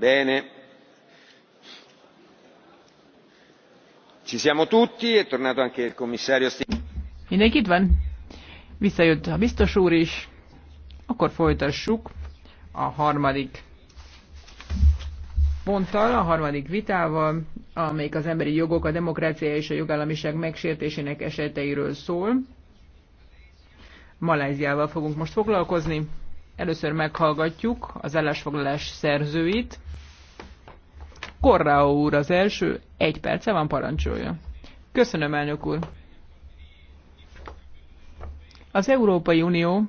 bene ci siamo tutti è tornato anche il commissario mindenki itt van visszajött a biztos úr is akkor folytassuk a harmadik ponttal, a harmadik vitával, amelyik az emberi jogok, a demokrácia és a jogállamiság megsértésének eseteiről szól. Maláziával fogunk most foglalkozni. Először meghallgatjuk az állásfoglalás szerzőit. Korrá úr az első, egy perce van parancsolja. Köszönöm, elnök úr. Az Európai Unió